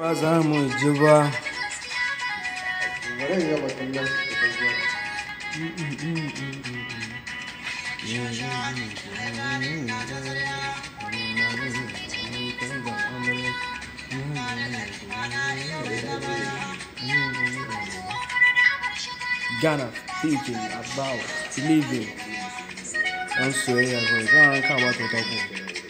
Ghana thinking about living. I'm sorry, I'm going to talk about